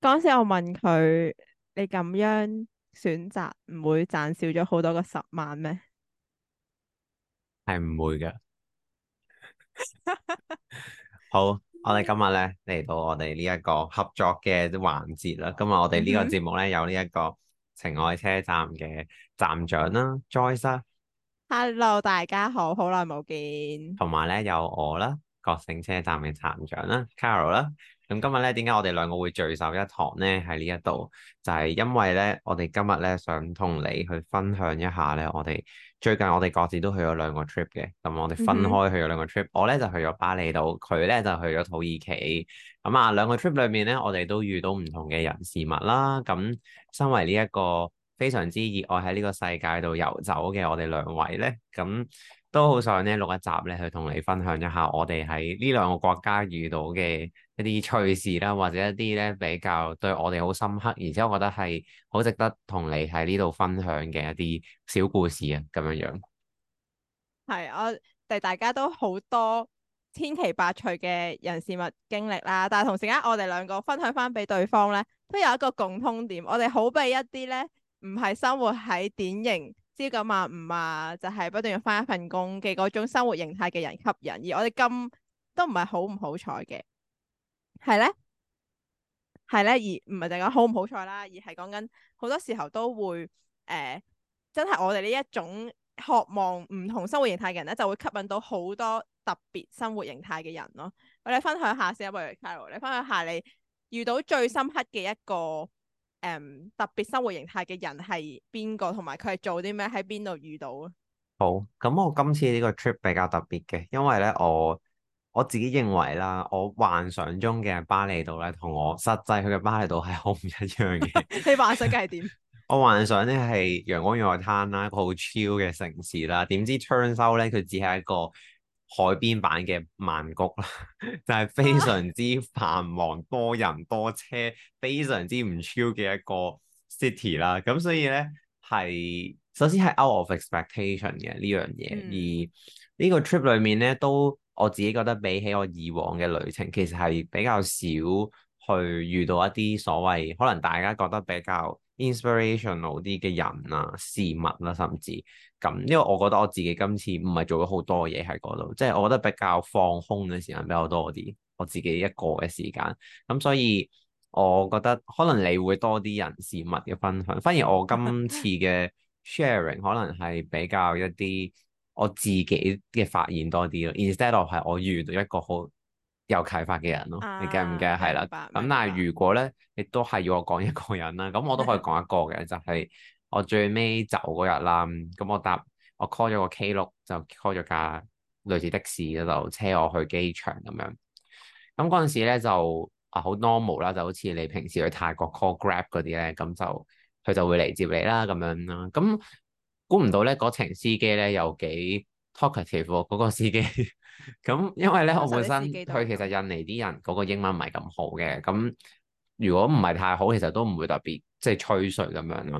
嗰時我問佢：你咁樣選擇唔會賺少咗好多個十萬咩？係唔會嘅。 好，我哋今日咧嚟到我哋呢一個合作嘅環節啦。今日我哋呢個節目咧、mm hmm. 有呢一個情愛車站嘅站長啦，Joyce、啊。Hello，大家好，好耐冇見。同埋咧有我啦，覺醒車站嘅站長啦，Kyro 啦。咁今日咧，點解我哋兩個會聚首一堂咧？喺呢一度就係因為咧，我哋今日咧想同你去分享一下咧，我哋最近我哋各自都去咗兩個 trip 嘅，咁我哋分開去咗兩個 trip。我咧就去咗峇里島，佢咧就去咗土耳其。咁啊，兩個 trip 裏面咧，我哋都遇到唔同嘅人事物啦。咁身為呢一個非常之熱愛喺呢個世界度遊走嘅我哋兩位咧，咁，都好想咧錄一集咧，去同你分享一下我哋喺呢兩個國家遇到嘅一啲趣事啦，或者一啲咧比較對我哋好深刻，而且我覺得係好值得同你喺呢度分享嘅一啲小故事啊，咁樣樣。係我哋大家都好多千奇百趣嘅人事物經歷啦，但係同時間我哋兩個分享翻俾對方咧，都有一個共通點，我哋好俾一啲咧唔係生活喺典型啲九啊，唔啊，就係不斷要返一份工嘅嗰種生活形態嘅人吸引，而我哋今都唔係好唔好彩嘅，係咧，係咧，而唔係淨講好唔好彩啦，而係講緊好多時候都會誒、呃，真係我哋呢一種渴望唔同生活形態嘅人咧，就會吸引到好多特別生活形態嘅人咯。我哋分享下先啊，Kyro，你分享下你，分享下你遇到最深刻嘅一個。誒，um, 特別生活形態嘅人係邊個？同埋佢係做啲咩？喺邊度遇到？好，咁我今次呢個 trip 比較特別嘅，因為咧我我自己認為啦，我幻想中嘅巴厘島咧，同我實際去嘅巴厘島係好唔一樣嘅。 你幻想嘅係點？ 我幻想咧係陽光、與海灘啦，一個好 chill 嘅城市啦。點知 turns out 咧，佢只係一個。海邊版嘅曼谷啦， 就係非常之繁忙，多人多車，非常之唔 chill 嘅一個 city 啦。咁所以咧係首先係 out of expectation 嘅呢樣嘢，嗯、而呢個 trip 裏面咧都我自己覺得比起我以往嘅旅程，其實係比較少去遇到一啲所謂可能大家覺得比較。inspirational 啲嘅人啊、事物啦、啊，甚至咁，因為我覺得我自己今次唔係做咗好多嘢喺嗰度，即係我覺得比較放空嘅時間比較多啲，我自己一個嘅時間咁，所以我覺得可能你會多啲人事物嘅分享，反而我今次嘅 sharing 可能係比較一啲我自己嘅發現多啲咯。instead of 係我遇到一個好有啟發嘅人咯，啊、你記唔記啊？係啦發，咁了但係如果咧，亦都係要我講一個人啦，咁我都可以講一個嘅，就係、係、我最尾走嗰日啦。咁我搭我 call 咗個 K 六，就 call 咗架類似的士，度，車我去機場咁樣。咁嗰陣時咧就啊好 normal 啦，就，normal，就好似你平時去泰國 call Grab 嗰啲咧，咁就佢就會嚟接你啦咁樣啦。咁估唔到咧，嗰程司機咧有幾 talkative，嗰、嗰個司機。 咁因為咧，我本身佢其實印尼啲人嗰個英文唔係咁好嘅，咁如果唔係太好，其實都唔會特別即係吹水咁樣咯。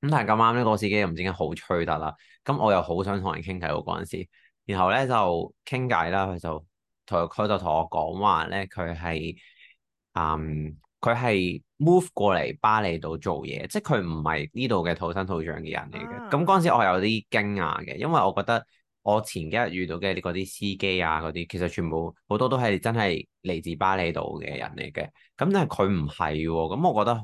咁但係咁啱咧，個司機又唔知點解好吹得啦。咁我又好想同人傾偈喎，嗰陣時，然後咧就傾偈啦，佢就同佢就同我講話咧，佢係嗯，佢係 move 過嚟巴厘島做嘢，即係佢唔係呢度嘅土生土長嘅人嚟嘅。咁嗰陣時我有啲驚訝嘅，因為我覺得。我前幾日遇到嘅啲嗰啲司機啊，嗰啲其實全部好多都係真係嚟自峇里島嘅人嚟嘅。咁但係佢唔係喎，咁我覺得好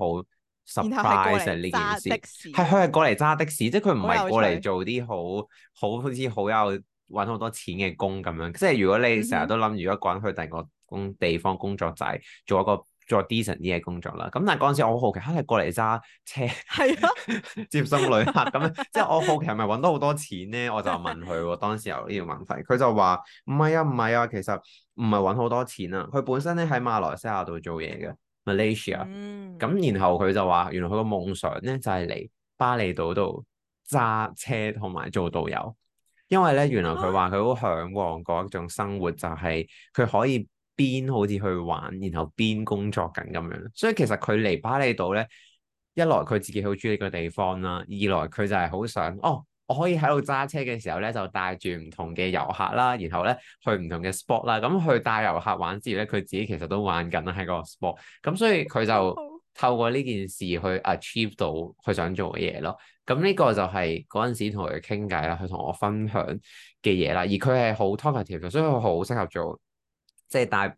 surprise 呢件事。係佢係過嚟揸的士，即係佢唔係過嚟做啲好好好似好有搵好多錢嘅工咁樣。即係如果你成日都諗，如果一個人去第二個工地方工作就係做一個。做 decent 啲嘢工作啦，咁但係嗰陣時我好好奇，嚇你過嚟揸車、啊、 接送旅客咁樣，即係我好奇係咪揾到好多錢咧？我就問佢當時候呢個問題，佢就話唔係啊，唔係啊，其實唔係揾好多錢啊。佢本身咧喺馬來西亞度做嘢嘅，Malaysia。嗯。咁然後佢就話，原來佢個夢想咧就係、是、嚟峇里島度揸車同埋做導遊，因為咧原來佢話佢好嚮往嗰一種生活，就係、是、佢可以。邊好似去玩，然後邊工作緊咁樣。所以其實佢嚟峇里島咧，一來佢自己好中意呢個地方啦，二來佢就係好想哦，我可以喺度揸車嘅時候咧，就帶住唔同嘅遊客啦，然後咧去唔同嘅 spot 啦，咁、嗯、去帶遊客玩之餘咧，佢自己其實都玩緊喺個 spot。咁所以佢就透過呢件事去 achieve 到佢想做嘅嘢咯。咁呢個就係嗰陣時同佢傾偈啦，佢同我分享嘅嘢啦。而佢係好 talkative 嘅，所以佢好適合做。即係帶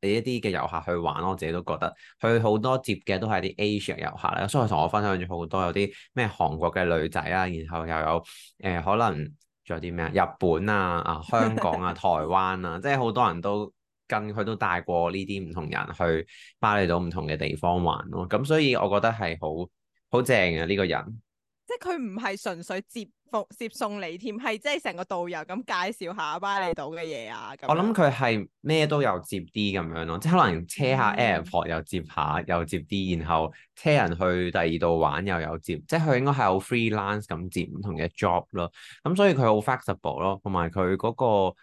你一啲嘅遊客去玩咯，我自己都覺得佢好多接嘅都係啲 Asia 遊客啦，所以同我分享咗好多有啲咩韓國嘅女仔啊，然後又有誒、呃、可能仲有啲咩啊日本啊啊香港啊台灣啊， 即係好多人都跟佢都帶過呢啲唔同人去巴厘島唔同嘅地方玩咯，咁所以我覺得係好好正嘅、啊、呢、呢個人。即係佢唔係純粹接服接送你添，係即係成個導遊咁介紹下巴厘島嘅嘢啊咁。我諗佢係咩都有接啲咁樣咯，即係可能車下 airport 又接下，嗯、又接啲，然後車人去第二度玩又有接，即係佢應該係有 freelance 咁接唔同嘅 job 咯。咁所以佢好 flexible 咯，同埋佢嗰個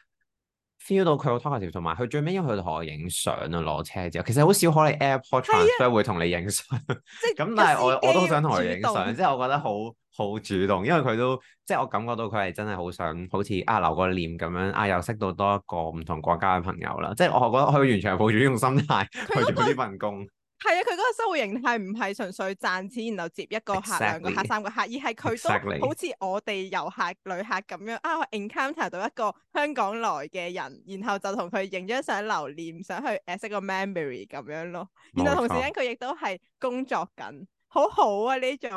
feel 到佢個 talk 嘅時候，同埋佢最尾因為佢同我影相啊，落車之後，其實好少可你 airport transfer，啊、會同你影相，咁是 但係我司我都好想同佢影相，即係動我覺得好好主動，因為佢都即係、就是、我感覺到佢係真係好想，好似啊留個念咁樣啊，又識到多一個唔同國家嘅朋友啦，即、就、係、是、我覺得佢完全係抱住呢種心態去做呢份工。 係啊，佢嗰個生活形態唔係純粹賺錢，然後接一個客、Exactly. 兩個客、三個客，而係佢都好似我哋遊客、旅客咁樣 Exactly. 啊，encounter 到一個香港來嘅人，然後就同佢影咗相留念，想去 erase、like、個 memory 咁樣咯。錯然後同時咧，佢亦都係工作緊，好好啊！呢種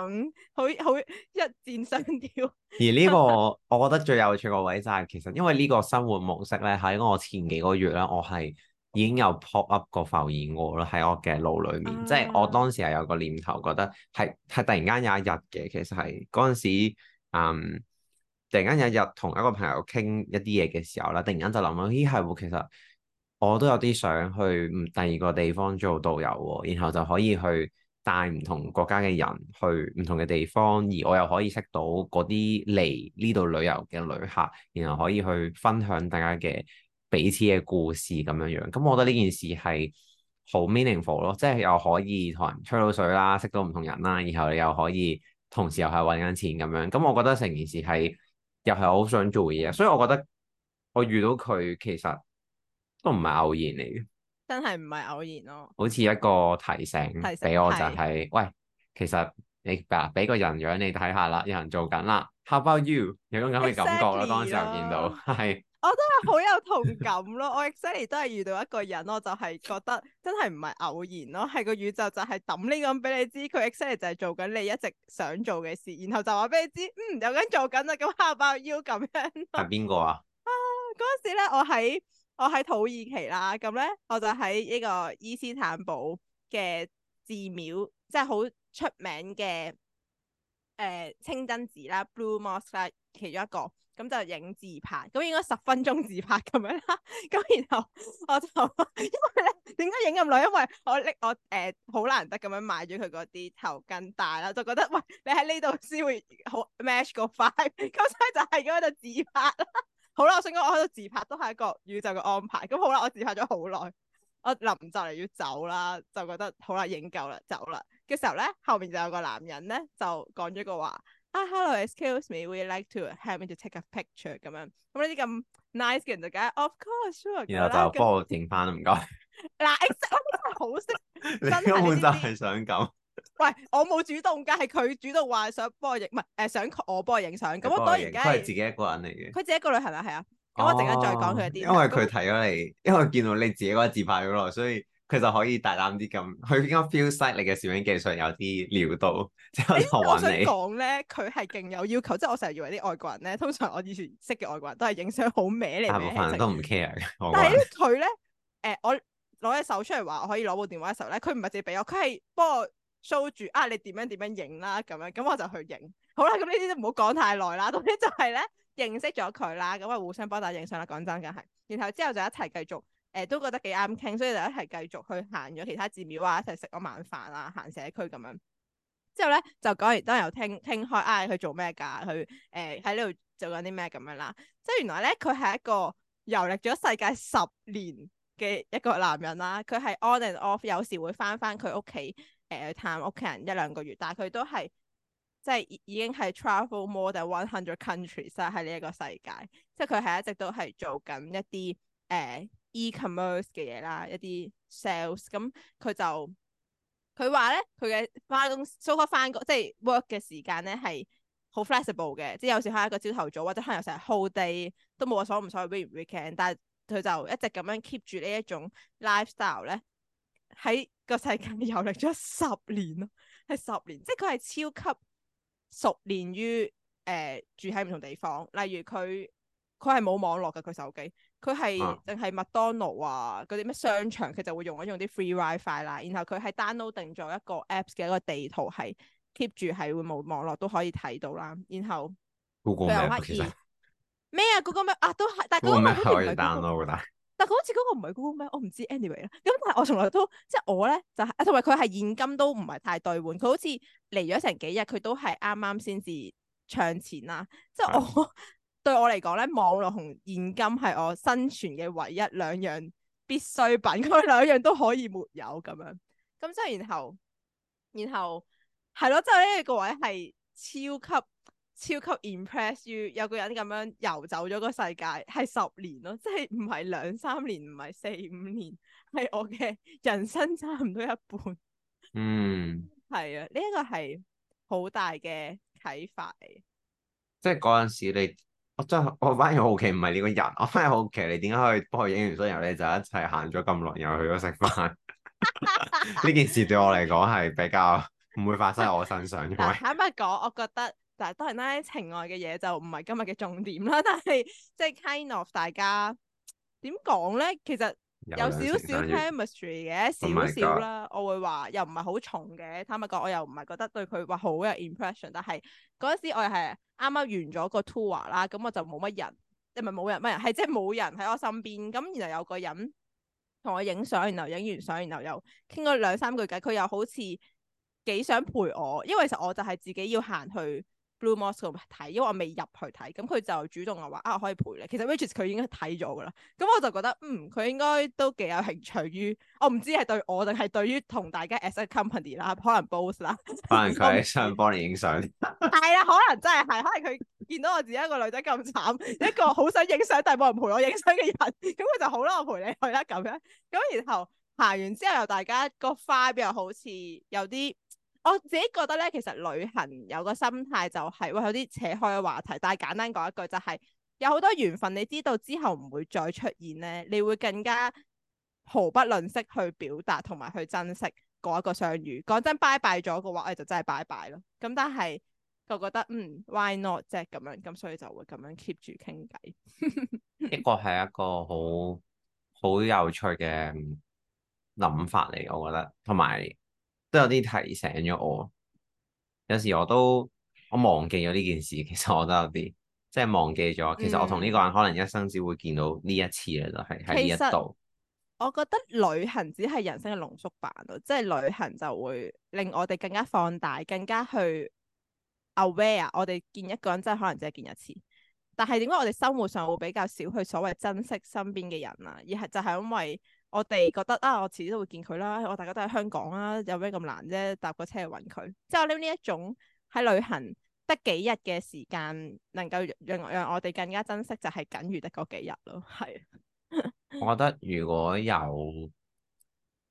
好好一箭雙雕。 而呢個我覺得最有趣個位就係其實因為呢個生活模式咧，喺我前幾個月咧，我係。已經有 pop up 過浮現，過浮現過我啦，喺我嘅腦裏面，嗯、即係我當時係有個念頭，覺得係係突然間有一日嘅，其實係嗰陣時，嗯，突然間有一日同一個朋友傾一啲嘢嘅時候啦，突然間就諗到，咦，係喎，其實我都有啲想去第二個地方做導遊喎，然後就可以去帶唔同國家嘅人去唔同嘅地方，而我又可以識到嗰啲嚟呢度旅遊嘅旅客，然後可以去分享大家嘅。彼此嘅故事咁樣樣，咁我覺得呢件事係好 meaningful 咯，即係又可以同人吹到水啦，識到唔同人啦，然後你又可以同時又係揾緊錢咁樣，咁我覺得成件事係又係好想做嘅嘢，所以我覺得我遇到佢其實都唔係偶然嚟嘅，真係唔係偶然咯、啊，好似一個提醒俾我就係、是，喂，其實你俾個人樣你睇下啦，有人做緊啦，How about you？有種咁嘅感覺咯，Exactly. 當時候見到係。我都係好有同感咯，我 exactly 都係遇到一個人，我就係覺得真係唔係偶然咯，係個宇宙，就係抌呢種俾你知，佢 exactly 就係做緊你一直想做嘅事，然後就話俾你知，嗯，有緊做緊啦，咁下拜要咁樣。係邊個啊？ 啊，嗰陣時咧，我喺我喺土耳其啦，咁咧我就喺呢個伊斯坦堡嘅寺廟，即係好出名嘅、誒、呃、清真寺啦，Blue Mosque 啦，其中一個。咁就影自拍，咁應該十分鐘自拍咁樣啦。咁 然後我就因為咧，點解影咁耐？因為我搦我誒好、呃、難得咁樣買咗佢嗰啲頭巾戴啦，就覺得喂，你喺呢度先會好 match 個髮，咁 所以就喺嗰度自拍啦。 好啦，我想講我喺度自拍都係一個宇宙嘅安排。咁 好啦，我自拍咗好耐，我臨就嚟要走啦，就覺得好啦，影夠啦，走啦嘅時候咧，後面就有個男人咧就講咗個話。hello, excuse me，we like to having to take a picture 咁樣，咁呢啲咁 nice 嘅人就梗係，of course 然後就幫後後我影翻，唔該。嗱，Kyro 真係好識，你根本就係想咁。喂，我冇主動㗎，係佢主動話想幫我影，唔係誒想我幫 佢影相。咁我當然梗係。佢係自己一個人嚟嘅。佢自己一個旅行啊，係、嗯、啊。咁、哦、我陣間再講佢啲。因為佢睇咗你，因為見到你自己嗰個自拍咗耐，所以。佢就可以大膽啲咁，佢應該 feel 曬你嘅攝影技術有啲料到，我，我想講咧，佢係勁有要求，即係我成日以為啲外國人咧，通常我以前識嘅外國人都係影相好咩。你大部分人都唔 care。但係佢咧，誒、呃，我攞隻手出嚟話我可以攞部電話嘅時候咧，佢唔係借俾我，佢係幫我 show 住啊，你點樣點樣影啦，咁樣咁我就去影。好啦，咁呢啲都唔好講太耐啦。總之就係咧認識咗佢啦，咁啊互相幫打影相啦。講真，梗係。然後之後就一齊繼續。誒都覺得幾啱傾，所以就一齊繼續去行咗其他寺廟啊，一齊食咗晚飯啊，行社區咁樣。之後咧就講完，當又聽聽開，唉、啊，佢做咩噶？佢誒喺呢度做緊啲咩咁樣啦？即係原來咧，佢係一個遊歷咗世界十年嘅一個男人啦、啊。佢係 on and off 有時會翻翻佢屋企誒探屋企人一兩個月，但係佢都係即係已經係 travel more than one hundred countries 啦喺呢一個世界。即係佢係一直都係做緊一啲誒，呃 e-commerce 嘅嘢啦，一啲 sales，咁佢就佢話咧，佢嘅翻工，so far 翻即係 work 嘅時間咧係好 flexible 嘅，即係有時可能一個朝頭早，或者可能有成日 holiday 都冇話所唔所謂 work 唔 weekend，但係佢就一直咁樣 keep 住呢一種 lifestyle 咧喺個世界遊歷咗十年咯，係十年，即係佢係超級熟練於誒、呃、住喺唔同地方，例如佢佢係冇網絡噶，佢手機。佢係淨係麥當勞啊，嗰啲咩商場佢就會用一用啲 free wifi 啦。然後佢係 download 定咗一個 apps 嘅一個地圖係 keep 住係會冇網絡都可以睇到啦。然後 Google 咩？啊？Google 咩啊？都係，但係個係 download 啦。Down 但係佢好似嗰個唔係 Google 咩？我唔知 anyway。咁但係我從來都即係我咧就係同埋佢係現金都唔係太兌換。佢好似嚟咗成幾日，佢都係啱啱先至唱錢啦。即係我。嗯對我嚟講咧，網絡同現金係我生存嘅唯一兩樣必需品，佢兩樣都可以沒有咁樣。咁即係，然後，然後係咯，即係呢個位係超級超級 impress you 有個人咁樣游走咗個世界，係十年咯，即係唔係兩三年，唔係四五年，係我嘅人生差唔多一半。嗯，係啊， 呢一個係好大嘅啟發嚟。即係嗰陣時你。我真係，我反而好奇，唔係呢個人，我反而好奇你點解可以幫佢影完相，然後你就一齊行咗咁耐，然後去咗食飯。呢件事對我嚟講係比較唔會發生喺我身上嘅。嗱，坦白講，我覺得但但就當然啦，情愛嘅嘢，就唔係今日嘅重點啦。但係即係 kind of 大家點講咧？其實。有少少 chemistry 嘅，少少啦。Oh、我會話又唔係好重嘅，坦白講我又唔係覺得對佢話好有 impression。但係嗰時我又係啱啱完咗個 tour 啦、啊，咁、嗯、我就冇乜人，你咪冇人人，係即係冇人喺我身邊。咁然後有個人同我影相，然後影完相，然後又傾咗兩三句偈。佢、啊、又好似幾想陪我，因為其實我就係自己要行去。Blue Mosque 睇，因為我未入去睇，咁佢就主動話，啊，可以陪你。其實 Richard 佢已經睇咗噶啦，咁我就覺得，嗯，佢應該都幾有興趣於，我唔知係對我定係對於同大家 as a company 啦，可能 both 啦。可能佢想幫你影相。係啦，可能真係係，可能佢見到我自己一個女仔咁慘， 一個好想影相但係冇人陪我影相嘅人，咁佢就好啦，我陪你去啦咁樣。咁然後行完之後，大家個 five 又好似有啲。我自己覺得咧，其實旅行有個心態就係會有啲扯開嘅話題。但係簡單講一句，就是，就係有好多緣分，你知道之後唔會再出現咧，你會更加毫不吝惜去表達同埋去珍惜嗰一個相遇。講真，拜拜咗嘅話，你就真係拜拜咯。咁但係我覺得，嗯，why not 即係？咁樣咁，所以就會咁樣 keep 住傾偈。呢 個係一個好好有趣嘅諗法嚟，我覺得，同埋。都有啲提醒咗我，有時我都我忘記咗呢件事。其實我都有啲即係忘記咗。其實我同呢個人可能一生只會見到呢一次咧，就係喺呢一度。我覺得旅行只係人生嘅濃縮版咯，即係旅行就會令我哋更加放大、更加去 aware。我哋見一個人真係可能只係見一次，但係點解我哋生活上會比較少去所謂珍惜身邊嘅人啊？而係就係因為，我哋覺得啊，我遲啲都會見佢啦。我大家都喺香港啊，有咩咁難啫啊？搭個車去揾佢。即係我諗呢一種喺旅行得幾日嘅時間，能夠讓讓我哋更加珍惜，就係僅餘得嗰幾日咯。係。我覺得如果有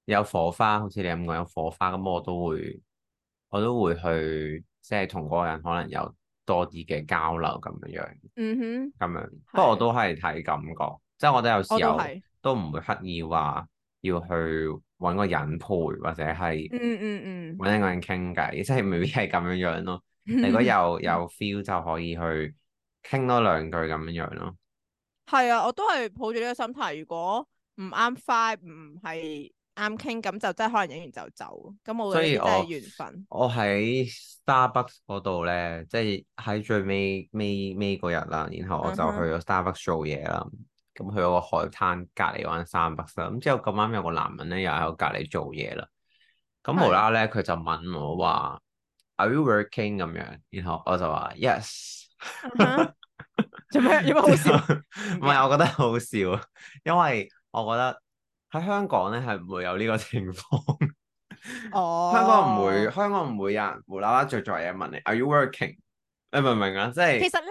有火花，好似你咁講有火花，咁我都會我都會去，即係同嗰個人可能有多啲嘅交流咁樣。嗯哼。咁樣，不過是我都係睇感覺，即係我覺得有時候。都唔會刻意話要去揾個人陪或者係揾一個人傾偈，即係未必係咁樣樣咯。如果有有 feel 就可以去傾多兩句咁樣樣咯。係 啊，我都係抱住呢個心態。如果唔啱 five 唔係啱傾，咁就真係可能影完就走。咁我會真係緣分。我喺 Starbucks 嗰度咧，即係喺最尾尾尾嗰日啦，然後我就去咗 Starbucks 做嘢啦。Uh huh. 咁佢嗰個海灘隔離嗰三百發咁之後咁啱有個男人咧又喺我隔離做嘢啦，咁無啦啦咧佢就問我話，Are you working 咁樣？然後我就話 Yes。做咩？因為好笑？唔係，我覺得好笑，因為我覺得喺香港咧係唔會有呢個情況。哦。香港唔會，香港唔會有人無啦啦做著嘢問你 Are you working？你明唔明啊？即係其實咧。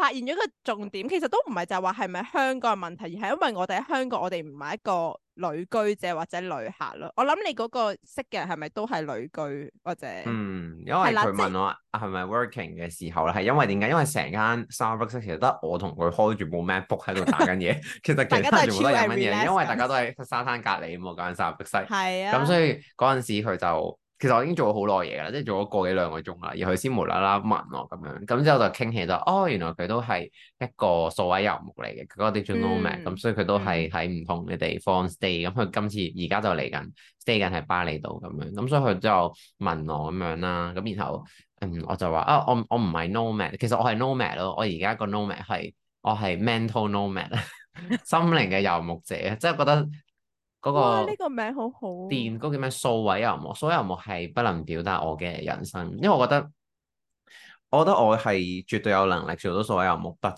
發現咗一個重點，其實都唔係就話係咪香港嘅問題，而係因為我哋喺香港，我哋唔係一個旅居者或者旅客咯。我諗你嗰個識嘅人係咪都係旅居或者？嗯，因為佢問我係咪 working 嘅時候咧，係、就係、因為點解？因為成間 Starbucks 其實得我同佢開住部 MacBook 喺度打緊嘢， 其實其他全都都係飲嘢，因為大家都喺沙灘隔離啊嘛，嗰間 Starbucks。係啊，咁所以嗰陣時佢就。其實我已經做咗好耐嘢㗎啦，即係做咗個幾兩個鐘啦，然後佢先無啦啦問我咁樣，咁之後就傾起就哦，原來佢都係一個數位遊牧嚟嘅，佢個 definition 係 nomad，咁所以佢都係喺唔同嘅地方 stay。咁佢今次而家就嚟緊 stay 緊喺峇里島咁樣，咁所以佢就後問我咁樣啦，咁然後嗯，我就話啊，我我唔係 nomad，其實我係 nomad 咯，我而家個 nomad 係我係 mental nomad， 心靈嘅遊牧者，即係覺得。 嗰呢個,、這個名好好，電嗰個叫咩？數位遊民？數位遊民？係不能表達我嘅人生，因為我覺得，我覺得我係絕對有能力做到數位遊民。but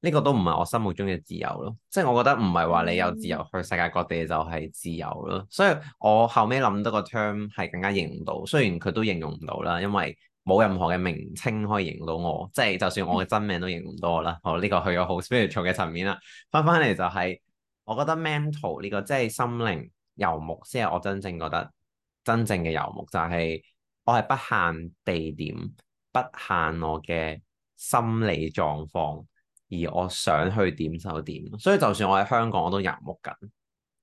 呢個都唔係我心目中嘅自由咯。即、就、係、是、我覺得唔係話你有自由去世界各地就係自由咯。嗯、所以我後尾諗到個 term 係更加形容到，雖然佢都形容唔到啦，因為冇任何嘅名稱可以形容到我。即、就、係、是、就算我嘅真名都形容唔到我啦。嗯、我呢個去咗好 spiritual 嘅層面啦，翻返嚟就係、是。我覺得 mental，呢個即係心靈遊牧先係我真正覺得，真正嘅遊牧，就係我係不限地點，不限我嘅心理狀況，而我想去點就點。所以就算我喺香港，我都遊牧緊。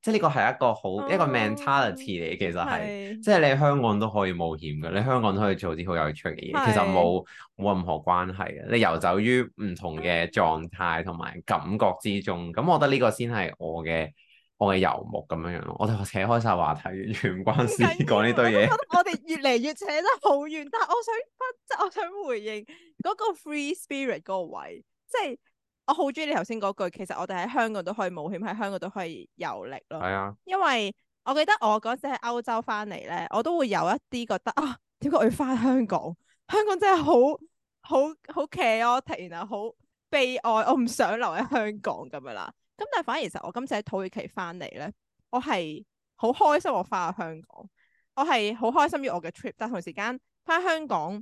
即係呢個係一個好一個 mentality 嚟，哦、其實係，是即係你香港都可以冒險嘅，是你香港都可以做啲好有趣嘅嘢，是其實冇冇任何關係嘅。你遊走於唔同嘅狀態同埋感覺之中，咁、嗯、我覺得呢個先係我嘅、嗯、我嘅遊牧咁樣樣咯。我哋扯開晒話題，完全唔關事講呢堆嘢。我覺得我哋越嚟越扯得好遠， 但係我想不即係我想回應嗰個 free spirit 嗰個位，即係。我好中意你頭先嗰句，其實我哋喺香港都可以冒險，喺香港都可以遊歷咯。係啊，因為我記得我嗰時喺歐洲翻嚟咧，我都會有一啲覺得啊，點解我要翻香港？香港真係好好好騎 oter，然後好悲哀，我唔想留喺香港咁樣啦。咁但係反而其實我今次喺土耳其翻嚟咧，我係好開心我翻去香港，我係好開心於我嘅 trip。但同時間翻香港，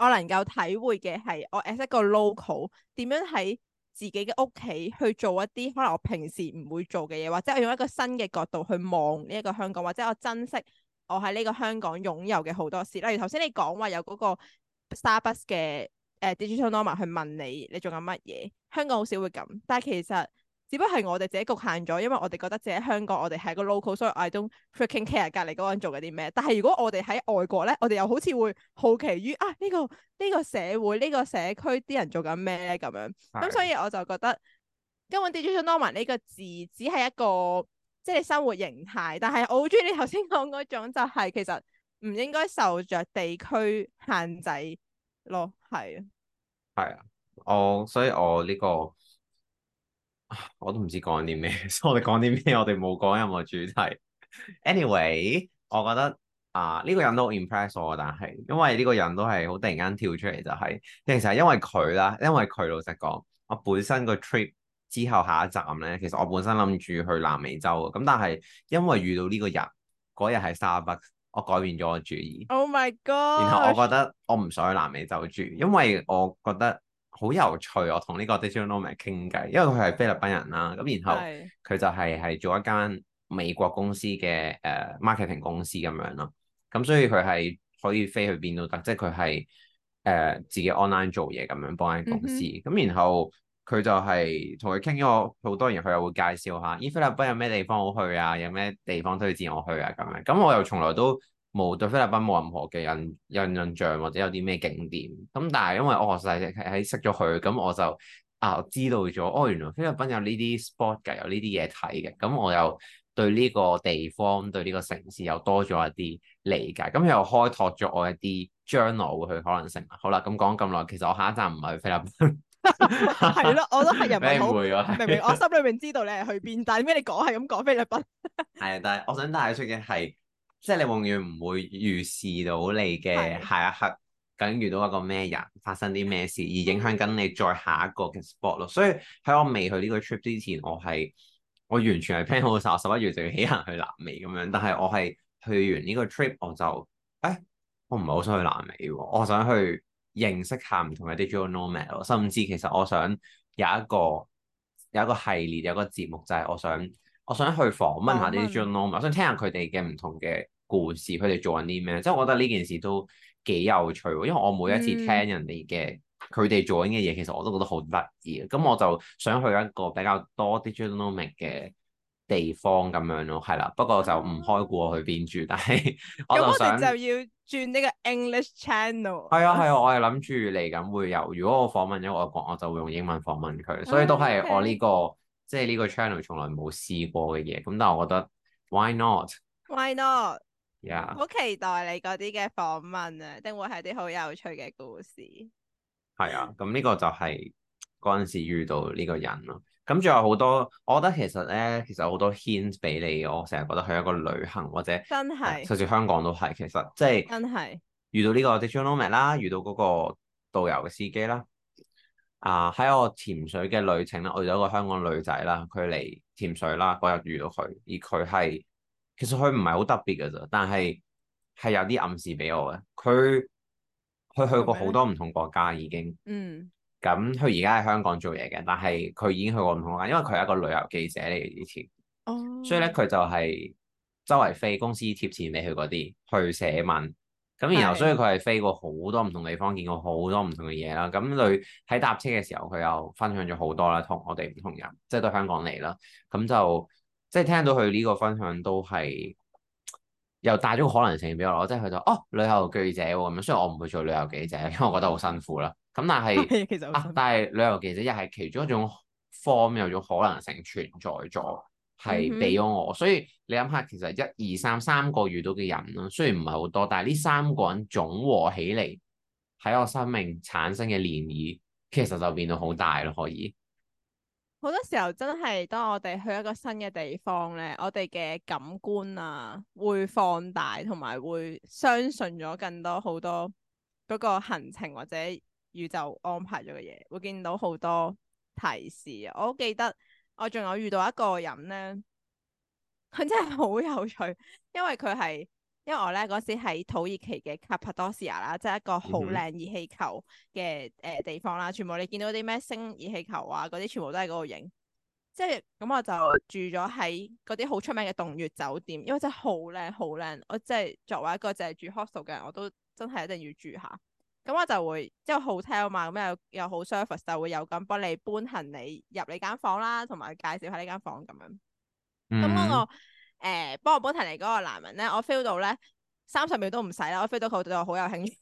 我能夠體會嘅係我 as 一個 local 點樣喺自己嘅屋企去做一啲可能我平時唔會做嘅嘢，或者我用一個新嘅角度去望呢一個香港，或者我珍惜我喺呢個香港擁有嘅好多事。例如頭先你講話有嗰個 StarBus 嘅誒、呃、digital nomad 去問你，你做緊乜嘢？香港好少會咁，但係其實。只不過係我哋自己局限咗，因為我哋覺得自己喺香港，我哋係個 local，所以 I don't freaking care 隔離嗰個人做緊啲咩。但係如果我哋喺外國咧，我哋又好似會好奇於啊呢個呢個社會、呢個社區啲人做緊咩咧咁樣。咁的、嗯、所以我就覺得根本 digital nomad 呢個字只係一個即係生活形態。但係我好中意你頭先講嗰種，就係其實唔應該受着地區限制咯。係啊，係啊，我所以我呢個。我都唔知講啲咩，所以我哋講啲咩，我哋冇講任何主題。Anyway，我覺得啊呢、呃呢個人都 impress 我，但係因為呢個人都係好突然間跳出嚟、就是，就係其實係因為佢啦，因為佢老實講，我本身個 trip 之後下一站咧，其實我本身諗住去南美洲嘅，咁但係因為遇到呢個人，嗰日係沙巴，我改變咗我主意。Oh my god！然後我覺得我唔想去南美洲住，因為我覺得。好有趣，我同呢個 digital nomad 傾偈，因為佢係菲律賓人啦，咁然後佢就係、係、係做一間美國公司嘅誒、呃、marketing 公司咁樣咯，咁所以佢係可以飛去邊都得，即係佢係誒自己 online 做嘢咁樣幫緊公司，咁、mm hmm。然後佢就係同佢傾咗好多人，佢又會介紹下，咦菲律賓有咩地方好去啊，有咩地方推薦我去啊咁樣，咁我又從來都～冇對菲律賓冇任何嘅印印印象或者有啲咩景點，咁但係因為我細係喺識咗佢，咁我就啊知道咗，哦原來菲律賓有呢啲 spot 嘅，有呢啲嘢睇嘅，咁我又對呢個地方，對呢個城市又多咗一啲理解，咁又開拓咗我一啲將來會去可能性。好啦，咁講咁耐，其實我下一站唔係去菲律賓，係咯，我都係人 明明？ 我心裏面知道你係去邊，但係點解你講係咁講菲律賓？係啊， 但係我想帶出嘅係。即係你永遠唔會預視到你嘅下一刻，究竟遇到一個咩人，發生啲咩事，而影響緊你再下一個嘅 spot 咯。所以喺我未去呢個 trip 之前，我係我完全係 plan 好晒我十一月就要起行去南美咁樣。但係我係去完呢個 trip，我就誒、欸，我唔係好想去南美喎，我想去認識下唔同嘅 digital nomads 咯。甚至其實我想有一個有一個系列，有一個節目，就係、是、我想我想去訪問下啲 digital nomads，我想聽下佢哋嘅唔同嘅。故事佢哋做緊啲咩？即係我覺得呢件事都幾有趣喎，因為我每一次聽人哋嘅佢哋做緊嘅嘢，其實我都覺得好得意啊。咁我就想去一個比較多啲 digital nomad 嘅地方咁樣咯，係啦。不過就唔開過去邊住，但係我就想就要轉呢個 English channel。係 啊係啊，我係諗住嚟緊會有。如果我訪問咗外國，我就會用英文訪問佢，所以都係我呢、這個、嗯 okay. 即係呢個 channel 從來冇試過嘅嘢。咁但係我覺得 why not？Why not？Why not? 好 Yeah. 期待你嗰啲嘅訪問啊，定會係啲好有趣嘅故事。係啊，咁呢個就係嗰陣時遇到呢個人咯。咁仲有好多，我覺得其實咧，其實好多 hint 俾你。我成日覺得佢係一個旅行或者真係、呃，甚至香港都係其實即係真係遇到呢個 digital nomad 啦，遇到嗰個導遊嘅司機啦。啊、呃，喺我潛水嘅旅程咧，我有個香港女仔啦，佢嚟潛水啦，嗰日遇到佢，而佢係。其實佢唔係好特別噶啫，但係係有啲暗示俾我嘅。佢佢去過好多唔同國家已經，是是嗯，咁佢而家喺香港做嘢嘅，但係佢已經去過唔同國家，因為佢係一個旅遊記者嚟嘅。以前，哦，所以咧佢就係周圍飛，公司貼錢俾佢嗰啲去寫文，咁然後所以佢係飛過好多唔同地方，見過好多唔同嘅嘢啦。咁佢喺搭車嘅時候，佢又分享咗好多啦，同我哋唔同人，即係都香港嚟啦，咁就。即係聽到佢呢個分享，都係又帶咗個可能性俾我。即係佢就是、哦，旅遊記者喎咁樣。雖然我唔會做旅遊記者，因為我覺得好辛苦啦。咁但係 其實、啊、但係旅遊記者又係其中一種 form 有種可能性存在咗，係俾咗我。Mm hmm. 所以你諗下，其實一二三三個遇到嘅人啦，雖然唔係好多，但係呢三個人總和起嚟喺我生命產生嘅漣漪，其實就變到好大咯，可以。好多時候真係，當我哋去一個新嘅地方咧，我哋嘅感官啊會放大，同埋會相信咗更多好多嗰個行程或者宇宙安排咗嘅嘢，會見到好多提示啊！我記得我仲有遇到一個人咧，佢真係好有趣，因為佢係。因為我咧嗰時喺土耳其嘅卡帕多西亞啦，即係一個好靚熱氣球嘅誒、呃、地方啦，全部你見到啲咩星熱氣球啊嗰啲，全部都喺嗰度影。即係咁我就住咗喺嗰啲好出名嘅洞穴酒店，因為真係好靚好靚。我即係作為一個淨係住 hostel 嘅人，我都真係一定要住下。咁我就會即係 hotel 嘛，咁又又好 service，就會有咁幫你搬行李入你間房啦，同埋介紹下呢間房咁樣。嗯。咁我。誒、欸，幫我補提嚟嗰個男人咧，我 feel 到咧三十秒都唔使啦，我 feel 到佢對我好有興趣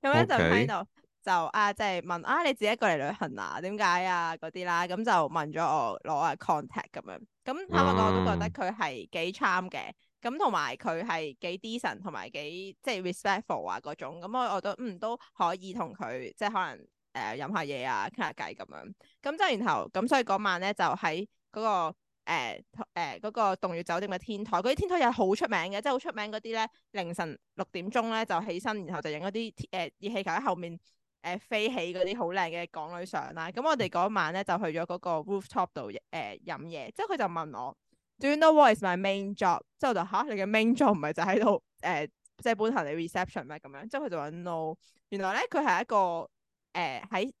咁咧、 嗯 嗯、就喺度就啊，即、就、係、是、問啊，你自己過嚟旅行啊，點解啊嗰啲啦，咁、嗯、就問咗我攞啊 contact 咁樣。咁坦白講，我都覺得佢係幾 charm 嘅，咁同埋佢係幾 decent 同埋幾即係 respectful 啊嗰種。咁我我都嗯都可以同佢即係可能誒飲、呃、下嘢啊，傾下偈咁樣。咁即係然後咁，所以嗰晚咧就喺嗰、那個。誒誒嗰個洞穴酒店嘅天台，嗰啲天台又係好出名嘅，即係好出名嗰啲咧。凌晨六點鐘咧就起身，然後就影嗰啲誒熱氣球喺後面誒、欸、飛起嗰啲好靚嘅港女相啦。咁、嗯、我哋嗰晚咧就去咗嗰個 rooftop 度誒飲嘢，之後佢就問我，Do you know what is my main job？之後就嚇你嘅 main job 唔係、呃、就喺度誒即係搬行李 reception 咩咁樣？之後佢就話 no，原來咧佢係一個誒喺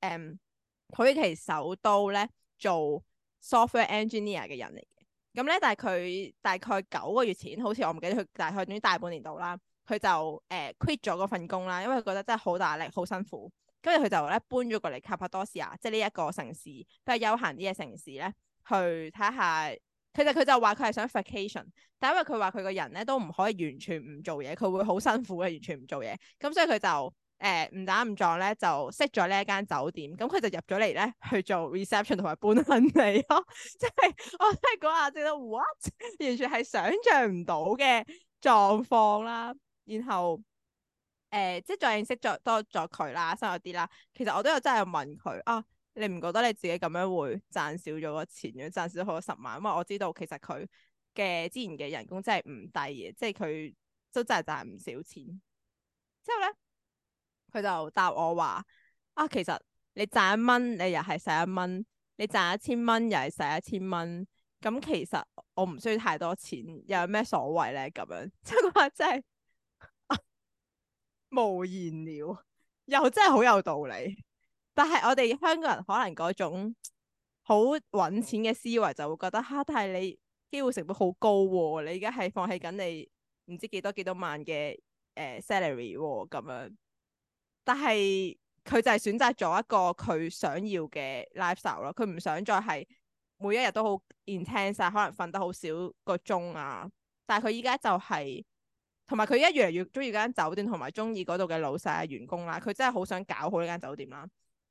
誒土耳其首都咧做。software engineer 嘅人嚟嘅，咁、嗯、咧但係佢大概九個月前，好似我唔記得佢大概等大半年度啦，佢就誒、呃、quit 咗嗰份工啦，因為佢覺得真係好大力，好辛苦，跟住佢就咧搬咗過嚟卡帕多西亞，即係呢一個城市，比較休閒啲嘅城市咧，去睇下，其實佢就話佢係想 vacation，但因為佢話佢個人咧都唔可以完全唔做嘢，佢會好辛苦嘅完全唔做嘢，咁、嗯、所以佢就。誒、欸，唔打唔撞咧，就識咗呢一間酒店，咁佢就入咗嚟咧去做 reception 同埋搬行李咯。即 係我聽嗰下正到， 完全係想象唔到嘅狀況啦。然後誒、欸，即係再認識咗多咗佢啦，新嗰啲啦。其實我都有真係問佢啊，你唔覺得你自己咁樣會賺少咗個錢嘅，賺少咗好十萬？因為我知道其實佢嘅之前嘅人工真係唔低嘅，即係佢都真係賺唔少錢。之後咧。佢就答我話：啊，其實你賺一蚊，你又係使一蚊；你賺一千蚊，又係使一千蚊。咁其實我唔需要太多錢，又有咩所謂咧？咁樣即係話真係、啊、無言了，又真係好有道理。但係我哋香港人可能嗰種好搵錢嘅思維，就會覺得吓、啊，但係你機會成本好高，啊，你而家係放棄緊你唔知幾多幾多萬嘅誒、呃、salary 咁、啊、樣。但係佢就係選擇咗一個佢想要嘅 lifestyle 咯，佢唔想再係每一日都好 intense，、啊、可能瞓得好少個鐘啊。但係佢依家就係同埋佢依家越嚟越中意間酒店，同埋中意嗰度嘅老細啊、員工啦。佢真係好想搞好呢間酒店啦，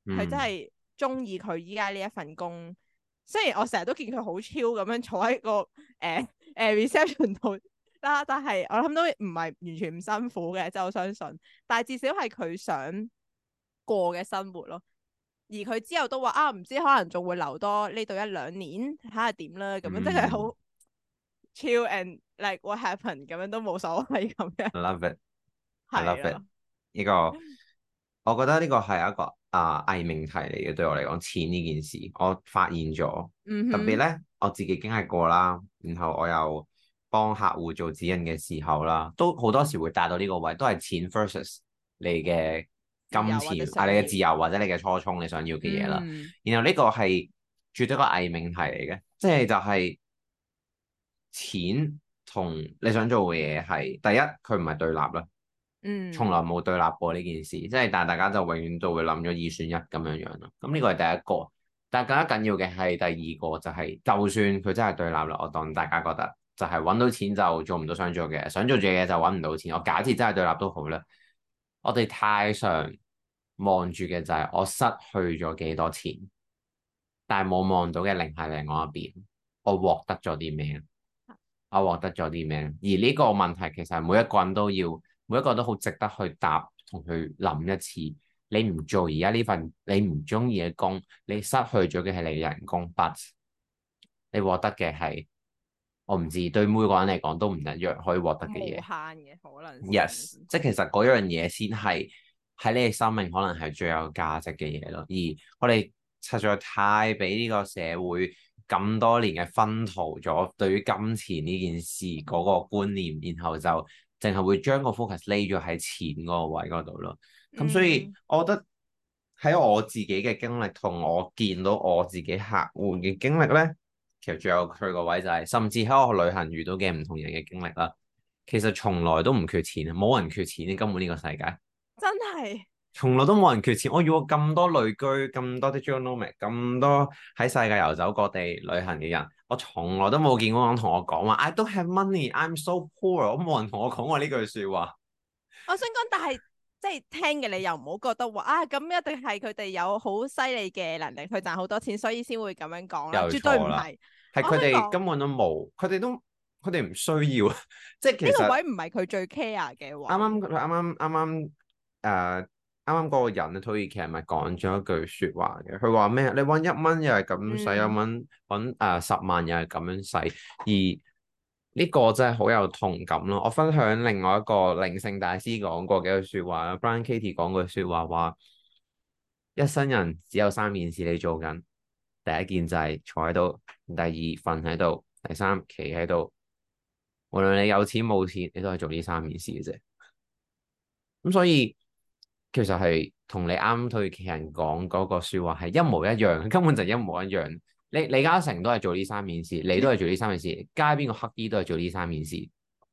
佢、嗯、真係中意佢依家呢一份工。雖然我成日都見佢好 chill 咁樣坐喺個誒誒 reception 度。呃呃 啦，但係我諗都唔係完全唔辛苦嘅，即係我相信。但係至少係佢想過嘅生活咯。而佢之後都話啊，唔知可能仲會留多呢度一兩年，睇下點啦。咁、mm hmm. 樣即係好 chill and like what happen 咁樣都冇所謂咁樣。Love it，love it 了。呢個我覺得呢個係一個啊偽命題嚟嘅。對我嚟講，錢呢件事我發現咗，mm hmm. 特別咧我自己經歷過啦，然後我又。幫客戶做指引嘅時候啦，都好多時會帶到呢個位，都係錢 versus 你嘅金錢啊，你嘅自由或者你嘅初衷，你想要嘅嘢啦。嗯、然後呢個係絕對個偽命題嚟嘅，即係就係、是、錢同你想做嘅嘢係第一，佢唔係對立啦。嗯，從來冇對立過呢件事，即係、嗯、但係大家就永遠都會諗咗二選一咁樣樣咯。咁呢個係第一個，但係更加緊要嘅係第二個、就是，就係就算佢真係對立啦，我當大家覺得。就係揾到錢就做唔到想做嘅，想做嘅嘢就揾唔到錢。我假設真係對立都好咧，我哋太常望住嘅就係我失去咗幾多錢，但係冇望到嘅另係另外一邊，我獲得咗啲咩？我獲得咗啲咩？而呢個問題其實每一個人都要，每一個都好值得去答同去諗一次。你唔做而家呢份你唔中意嘅工，你失去咗嘅係你人工，but 你獲得嘅係。我唔知，對每個人嚟講都唔一樣，可以獲得嘅嘢，無限嘅可能。Yes，即係其實嗰樣嘢先係喺你生命可能係最有價值嘅嘢咯。而我哋實在太俾呢個社會咁多年嘅熏陶咗，對於金錢呢件事嗰個觀念，嗯、然後就淨係會將個 focus lay 咗喺錢嗰個位嗰度咯。咁所以我覺得喺我自己嘅經歷同我見到我自己客戶嘅經歷咧。其實最後嗰個位就係、是，甚至喺我旅行遇到嘅唔同人嘅經歷啦。其實從來都唔缺錢，冇人缺錢。根本呢個世界真係的從來都冇人缺錢。我與我咁多旅居、咁多啲 journal 咁多喺世界遊走各地旅行嘅人，我從來都冇見過個人同我講話。I don't have money. I'm so poor。我冇人同我講過呢句説話。我想講，但係即係聽嘅你又唔好覺得話啊，咁一定係佢哋有好犀利嘅能力去賺好多錢，所以先會咁樣講啦。絕對唔係。係佢哋根本都冇，佢哋都佢哋唔需要， 即係其實呢個位唔係佢最 care 嘅位。啱啱啱啱啱啱誒，啱啱嗰個人土耳其係咪講咗一句說話嘅？佢話咩？你搵一蚊又係咁使一蚊，搵誒十萬又係咁樣使。而呢個真係好有同感咯。我分享另外一個靈性大師講過嘅句個說話啦，Brian Katie 講句說話話：，一生人只有三件事你做緊，第一件就係坐喺度。」第二瞓喺度，第三企喺度。無論你有錢冇錢，你都係做呢三件事嘅啫。咁所以其實係同你啱退企人講嗰個說話係一模一樣，根本就一模一樣。李李嘉誠都係做呢三件事，你都係做呢三件事，街邊個黑啲都係做呢三件事。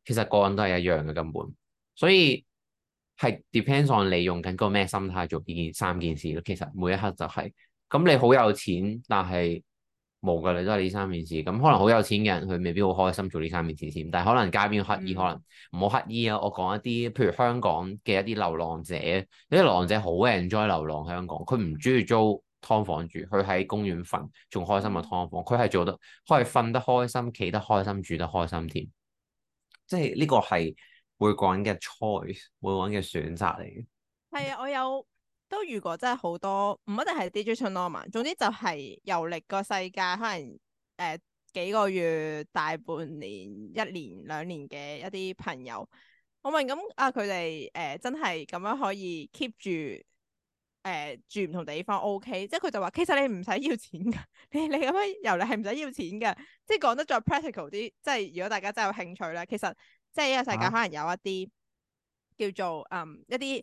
其實個人都係一樣嘅根本，所以係 depends on 你用緊個咩心態做呢件三件事咯。其實每一刻就係、是、咁，你好有錢，但係。冇噶，你都係呢三件事。咁可能好有錢嘅人，佢未必好開心做呢三件事添。但係可能街邊乞衣，可能唔好乞衣啊。我講一啲，譬如香港嘅一啲流浪者，啲流浪者好 enjoy 流浪香港。佢唔中意租劏房住，佢喺公園瞓仲開心過劏房。佢係做得，可以瞓得開心、企得開心、住得開心添。即係呢、這個係每個人嘅 choice，每個人嘅選擇嚟嘅。係 啊，我有。都遇過真係好多唔一定係 DJ、nomad 總之就係遊歷個世界，可能誒、呃、幾個月、大半年、一年、兩年嘅一啲朋友。我問咁、嗯、啊，佢哋誒真係咁樣可以 keep 住誒、呃、住唔同地方 OK？即係佢就話其實你唔使要錢㗎，你你咁樣遊歷係唔使要錢㗎。即係講得再 practical 啲，即係如果大家真係有興趣咧，其實即係呢個世界可能有一啲、啊、叫做嗯一啲。